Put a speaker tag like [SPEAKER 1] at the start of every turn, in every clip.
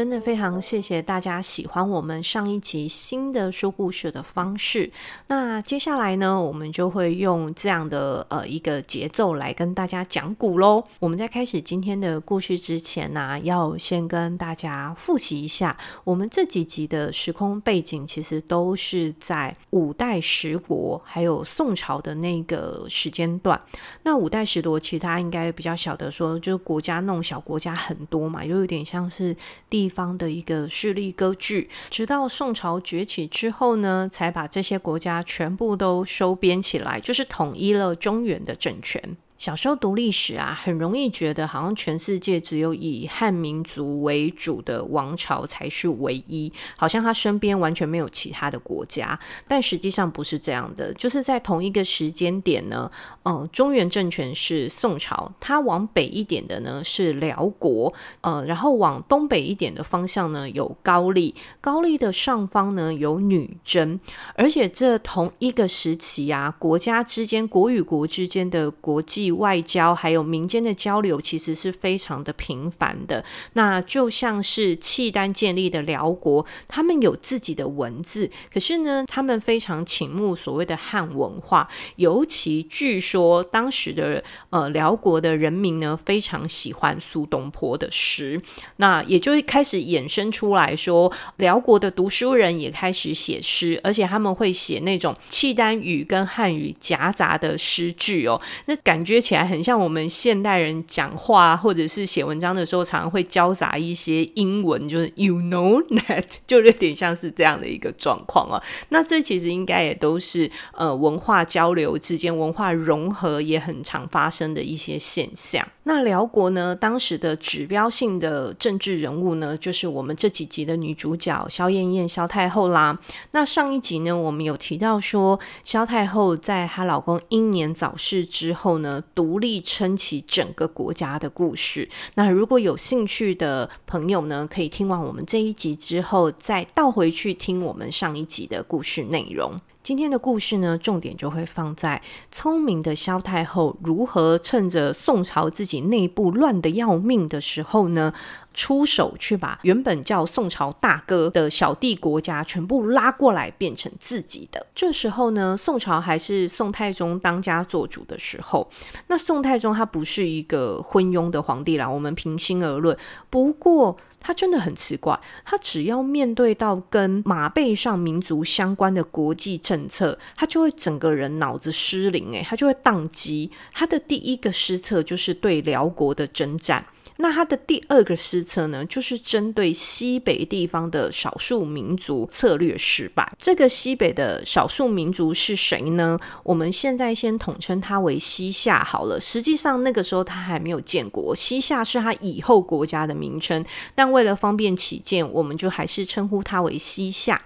[SPEAKER 1] 真的非常謝謝大家喜歡我們上一集新的說故事的方式。那接下來呢，我們就會用這樣的呃一個節奏來跟大家講古嘍。我們在開始今天的故事之前呢，啊，要先跟大家複習一下，我們這幾集的時空背景其實都是在五代十國還有宋朝的那個時間段。那五代十國，其實大家應該比較曉得，說就是國家那種小國家很多嘛，又有點像是地。地方的一個勢力割據，直到宋朝崛起之後呢，才把這些國家全部都收編起來，就是統一了中原的政權。小時候讀歷史啊，很容易覺得好像全世界只有以漢民族為主的王朝才是唯一，好像他身邊完全沒有其他的國家。但實際上不是這樣的，就是在同一個時間點呢，嗯，呃，中原政權是宋朝，它往北一點的呢是遼國，呃，然後往東北一點的方向呢有高麗，高麗的上方呢有女真，而且這同一個時期啊，國家之間國與國之間的國際。外交還有民間的交流，其實是非常的頻繁的。那就像是契丹建立的遼國，他們有自己的文字，可是呢，他們非常傾慕所謂的漢文化。尤其據說當時的呃遼國的人民呢，非常喜歡蘇東坡的詩。那也就開始衍生出來說，遼國的讀書人也開始寫詩，而且他們會寫那種契丹語跟漢語夾雜的詩句哦。那感覺。起來很像我們現代人講話或者是寫文章的時候，常常會交雜一些英文，就是 you know that，就有點像是這樣的一個狀況啊。那這其實應該也都是呃文化交流之間文化融合也很常發生的一些現象。那遼國呢，當時的指標性的政治人物呢，就是我們這幾集的女主角蕭燕燕、蕭太后啦。那上一集呢，我們有提到說，蕭太後在她老公英年早逝之後呢。獨立撐起整個國家的故事。那如果有興趣的朋友呢，可以聽完我們這一集之後，再倒回去聽我們上一集的故事內容。今天的故事呢，重點就會放在聰明的蕭太后如何趁着宋朝自己內部亂得要命的時候呢，出手去把原本叫宋朝大哥的小弟國家全部拉過來變成自己的。這時候呢，宋朝還是宋太宗當家做主的時候，那宋太宗他不是一個昏庸的皇帝啦，我們平心而論，不過。他真的很奇怪，他只要面對到跟馬背上民族相關的國際政策，他就會整個人腦子失靈，哎，他就會宕機。他的第一個失策就是對遼國的征戰。那他的第二個失策呢，就是針對西北地方的少數民族策略失敗。這個西北的少數民族是誰呢？我們現在先統稱他為西夏好了。實際上那個時候他還沒有建國，西夏是他以後國家的名稱，但為了方便起見，我們就還是稱呼他為西夏。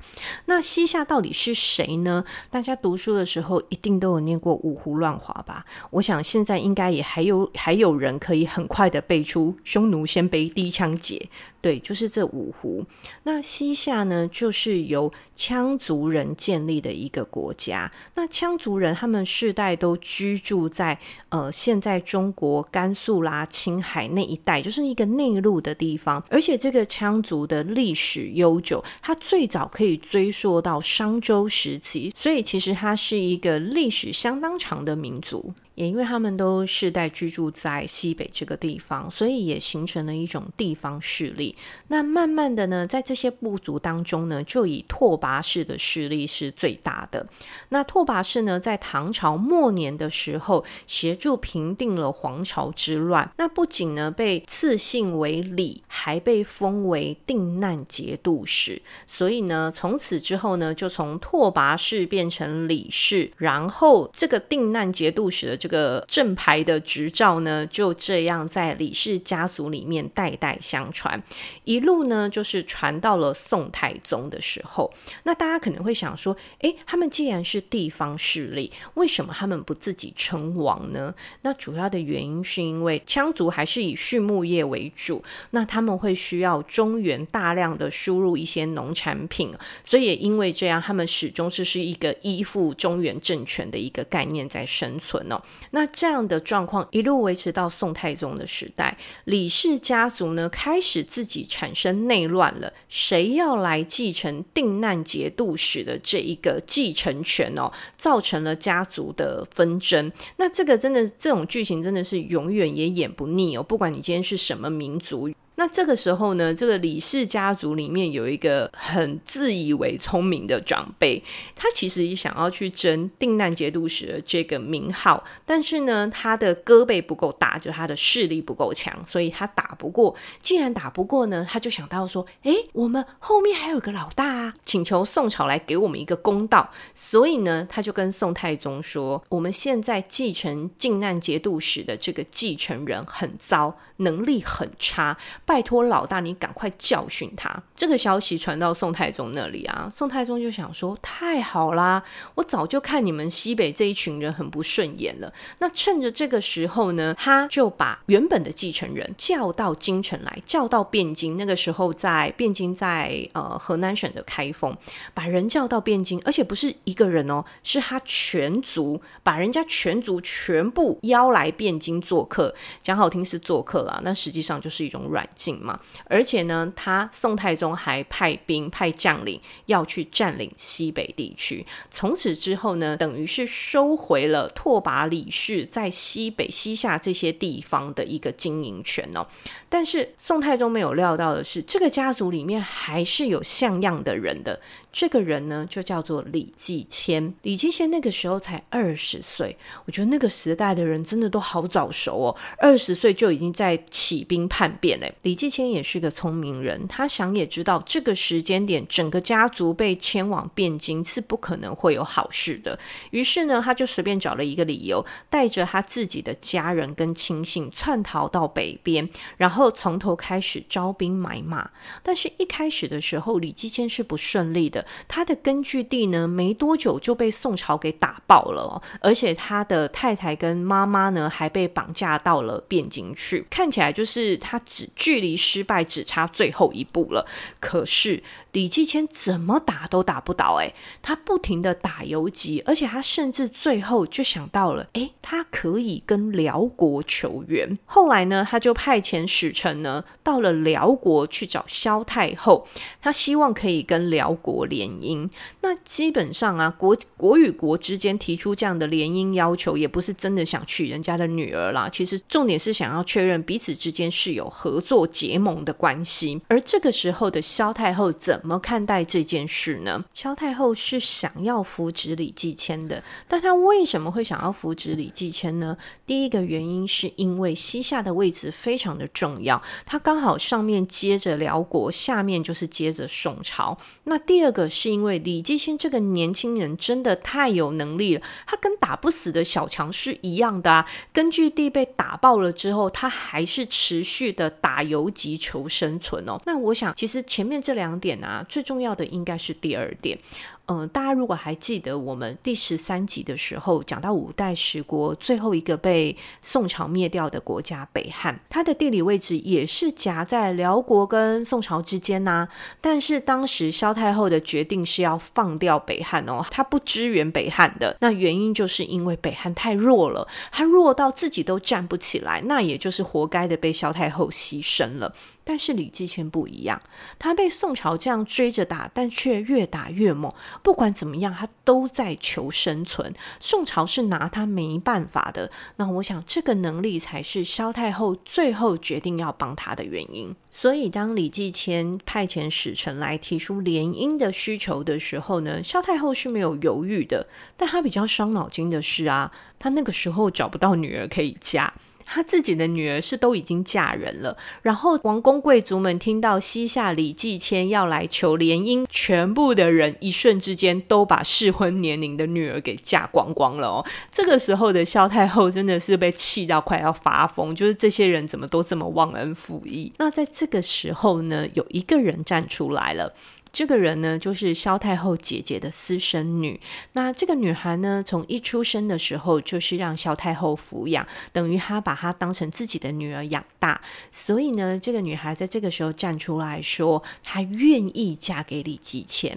[SPEAKER 1] 那西夏到底是誰呢？大家讀書的時候一定都有念過五胡亂華吧？我想現在應該也還有還有人可以很快的背出。匈奴、鮮卑、氐、羌、羯。對，就是這五胡。那西夏呢，就是由羌族人建立的一個國家。那羌族人他們世代都居住在呃，現在中國甘肅啦、青海那一帶，就是一個內陸的地方。而且這個羌族的歷史悠久，它最早可以追溯到商周時期，所以其實它是一個歷史相當長的民族。也因為他們都世代居住在西北這個地方，所以也形成了一種地方勢力。那慢慢的呢，在這些部族當中呢，就以拓跋氏的勢力是最大的。那拓跋氏呢，在唐朝末年的時候，協助平定了黃巢之亂。那不僅呢，被賜姓為李，還被封為定難節度使。所以呢，從此之後呢，就從拓跋氏變成李氏。然後，這個定難節度使的這個正牌的執照呢，就這樣在李氏家族裡面代代相傳。一路呢，就是傳到了宋太宗的時候。那大家可能會想說，誒，他們既然是地方勢力，為什麼他們不自己稱王呢？那主要的原因是因為羌族還是以畜牧業為主，那他們會需要中原大量的輸入一些農產品，所以也因為這樣，他們始終是是一個依附中原政權的一個概念在生存哦。那這樣的狀況一路維持到宋太宗的時代，李氏家族呢開始自己。產生內亂了，誰要來繼承定難節度使的這一個繼承權哦？造成了家族的紛爭，那這個真的這種劇情真的是永遠也演不膩哦。不管你今天是什麼民族。那這個時候呢，這個李氏家族裡面有一個很自以為聰明的長輩，他其實也想要去爭定難節度使的這個名號，但是呢，他的胳膊不夠大，就是他的勢力不夠強，所以他打不過。既然打不過呢，他就想到說：“誒，我們後面還有一個老大啊，請求宋朝來給我們一個公道。”所以呢，他就跟宋太宗說：“我們現在繼承定難節度使的這個繼承人很糟，能力很差。”拜托老大，你趕快教訓他！這個消息傳到宋太宗那裡啊，宋太宗就想說：太好啦，我早就看你們西北這一群人很不順眼了。那趁着這個時候呢，他就把原本的繼承人叫到京城來，叫到汴京。那個時候在汴京在，在呃河南省的開封，把人叫到汴京，而且不是一個人哦，是他全族，把人家全族全部邀來汴京做客。講好聽是做客啊，那實際上就是一種軟。嘛，而且呢，他宋太宗還派兵派將領要去佔領西北地區。從此之後呢，等於是收回了拓跋李氏在西北西夏這些地方的一個經營權哦。但是宋太宗沒有料到的是，這個家族裡面還是有像樣的人的。這個人呢，就叫做李繼遷。李繼遷那個時候才二十歲，我覺得那個時代的人真的都好早熟哦，二十歲就已經在起兵叛變了。李繼遷也是個聰明人，他想也知道這個時間點，整個家族被遷往汴京是不可能會有好事的。於是呢，他就隨便找了一個理由，帶着他自己的家人跟親信，竄逃到北邊，然後從頭開始招兵買馬。但是，一開始的時候，李繼遷是不順利的。他的根據地呢，沒多久就被宋朝給打爆了哦，而且他的太太跟媽媽呢，還被綁架到了汴京去。看起來就是他只距離失敗只差最後一步了。可是李繼遷怎麼打都打不倒，哎，他不停地打游擊，而且他甚至最後就想到了，哎，他可以跟遼國求援。後來呢，他就派遣使臣呢，到了遼國去找蕭太後，他希望可以跟遼國聯姻，那基本上啊，國國與國之間提出這樣的聯姻要求，也不是真的想娶人家的女兒啦。其實重點是想要確認彼此之間是有合作結盟的關係。而這個時候的蕭太后怎麼看待這件事呢？蕭太後是想要扶植李繼遷的，但她為什麼會想要扶植李繼遷呢？第一個原因是因為西夏的位置非常的重要，他剛好上面接着遼國，下面就是接着宋朝。那第二個。是因為李繼遷這個年輕人真的太有能力了，他跟打不死的小強是一樣的啊！根據地被打爆了之後，他還是持續的打游擊求生存哦。那我想，其實前面這兩點啊，最重要的應該是第二點。嗯、呃，大家如果還記得我們第十三集的時候講到五代十國最後一個被宋朝滅掉的國家北漢，它的地理位置也是夾在遼國跟宋朝之間吶、啊。但是當時蕭太後的決定是要放掉北漢哦，她不支援北漢的。那原因就是因為北漢太弱了，她弱到自己都站不起來，那也就是活該的被蕭太后犧牲了。但是李繼遷不一樣，他被宋朝這樣追着打，但卻越打越猛。不管怎麼樣，他都在求生存。宋朝是拿他沒辦法的。那我想，這個能力才是蕭太后最後決定要幫他的原因。所以，當李繼遷派遣使臣來提出聯姻的需求的時候呢，蕭太後是沒有猶豫的。但她比較傷腦筋的是啊，她那個時候找不到女兒可以嫁。他自己的女兒是都已經嫁人了，然後王公貴族們聽到西夏李繼遷，遷要來求聯姻，全部的人一瞬之間都把適婚年齡的女兒給嫁光光了哦。這個時候的蕭太后真的是被氣到快要發瘋，就是這些人怎麼都這麼忘恩負義？那在這個時候呢，有一個人站出來了。這個人呢，就是蕭太后姐姐的私生女。那這個女孩呢，從一出生的時候就是讓蕭太后撫養，等於她把她當成自己的女兒養大。所以呢，這個女孩在這個時候站出來說，她願意嫁給李繼遷。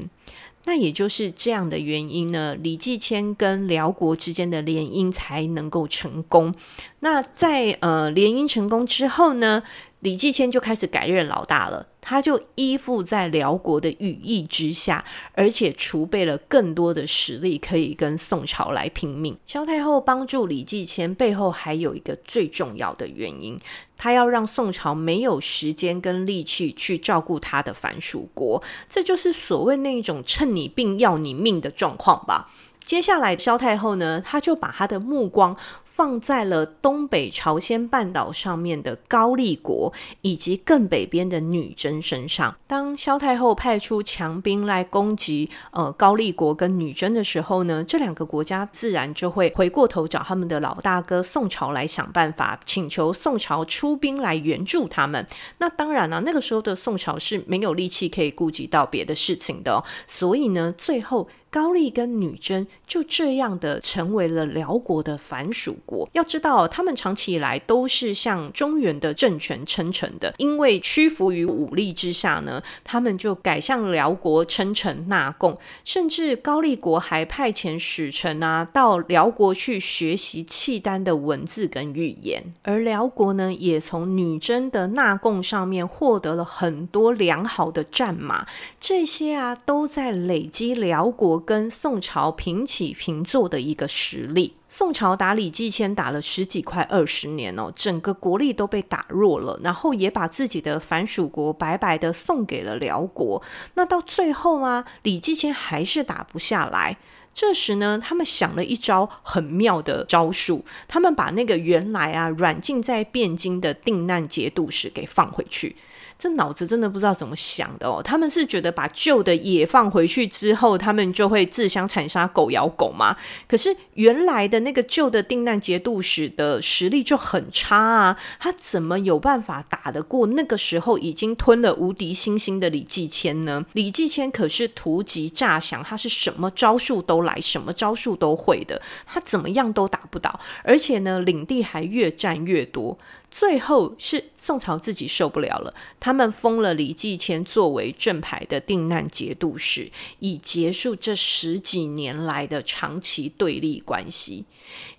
[SPEAKER 1] 那也就是這樣的原因呢，李繼遷跟遼國之間的聯姻才能夠成功。那在呃聯姻成功之後呢，李繼遷就開始改任老大了。他就依附在遼國的羽翼之下，而且儲備了更多的實力，可以跟宋朝來拼命。蕭太后幫助李繼遷，背後還有一個最重要的原因，他要讓宋朝沒有時間跟力氣去照顧他的藩屬國，這就是所謂那一種趁你病要你命的狀況吧。接下來，蕭太後呢，她就把她的目光放在了東北朝鮮半島上面的高麗國，以及更北邊的女真身上。當蕭太后派出強兵來攻擊，呃，高麗國跟女真的時候呢，這兩個國家自然就會回過頭找他們的老大哥宋朝來想辦法，請求宋朝出兵來援助他們。那當然了啊，那個時候的宋朝是沒有力氣可以顧及到別的事情的哦，所以呢，最後。高麗跟女真就這樣的成為了遼國的藩屬國。要知道，他們長期以來都是向中原的政權稱臣的，因為屈服於武力之下呢，他們就改向遼國稱臣納貢，甚至高麗國還派遣使臣啊到遼國去學習契丹的文字跟語言。而遼國呢，也從女真的納貢上面獲得了很多良好的戰馬，這些啊都在累積遼國跟宋朝平起平坐的一個實力。宋朝打李繼遷打了十幾快二十年哦，整個國力都被打弱了，然後也把自己的藩屬國白白的送給了遼國。那到最後啊，李繼遷還是打不下來。這時呢，他們想了一招很妙的招數，他們把那個原來啊軟禁在汴京的定難節度使給放回去。這腦子真的不知道怎麼想的哦！他們是覺得把舊的也放回去之後，他們就會自相殘殺、狗咬狗嗎？可是原來的那個舊的定難節度使的實力就很差啊，他怎麼有辦法打得過那個時候已經吞了無敵星星的李繼遷呢？李繼遷可是突擊詐降，他是什麼招數都來，什麼招數都會的，他怎麼樣都打不倒，而且呢，領地還越占越多。最後是宋朝自己受不了了，他們封了李繼遷作為正牌的定難節度使，以結束這十幾年來的長期對立關係。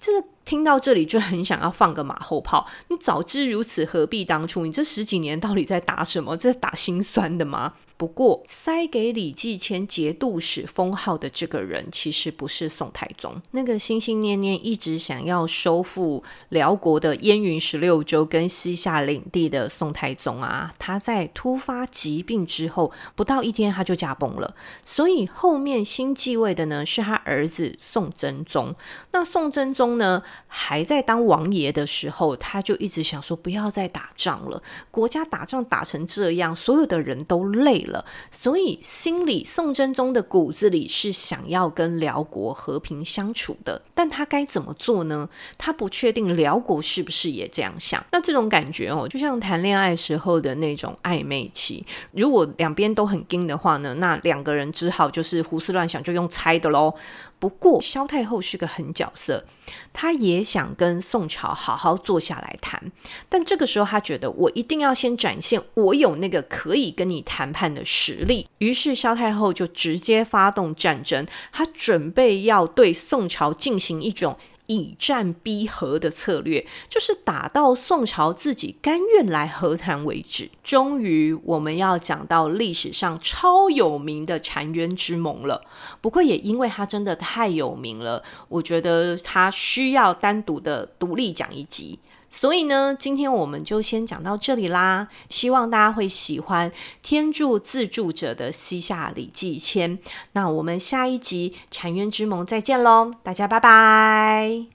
[SPEAKER 1] 這個。聽到這裡就很想要放個馬後炮。你早知如此，何必當初？你這十幾年到底在打什麼？這打心酸的嗎？不過塞給李繼遷節度使封號的這個人，其實不是宋太宗。那個心心念念一直想要收復遼國的燕雲十六州跟西夏領地的宋太宗啊，他在突發疾病之後不到一天，他就駕崩了。所以後面新繼位的呢，是他兒子宋真宗。那宋真宗呢？還在當王爺的時候，他就一直想說不要再打仗了。國家打仗打成這樣，所有的人都累了，所以心裡宋真宗的骨子裡是想要跟遼國和平相處的。但他該怎麼做呢？他不確定遼國是不是也這樣想。那這種感覺哦，就像談戀愛時候的那種曖昧期。如果兩邊都很硬的話呢，那兩個人只好就是胡思亂想，就用猜的嘍。不過蕭太後是個狠角色，她也。也想跟宋朝好好坐下來談，但這個時候他覺得我一定要先展現我有那個可以跟你談判的實力，於是蕭太後就直接發動戰爭，她準備要對宋朝進行一種。以戰逼和的策略，就是打到宋朝自己甘願來和談為止。終於，我們要講到歷史上超有名的澶淵之盟了。不過，也因為它真的太有名了，我覺得它需要單獨的獨立講一集。所以呢，今天我們就先講到這裡啦，希望大家會喜歡《天助自助者的西夏李繼遷》。那我們下一集《澶淵之盟》再見嘍，大家拜拜。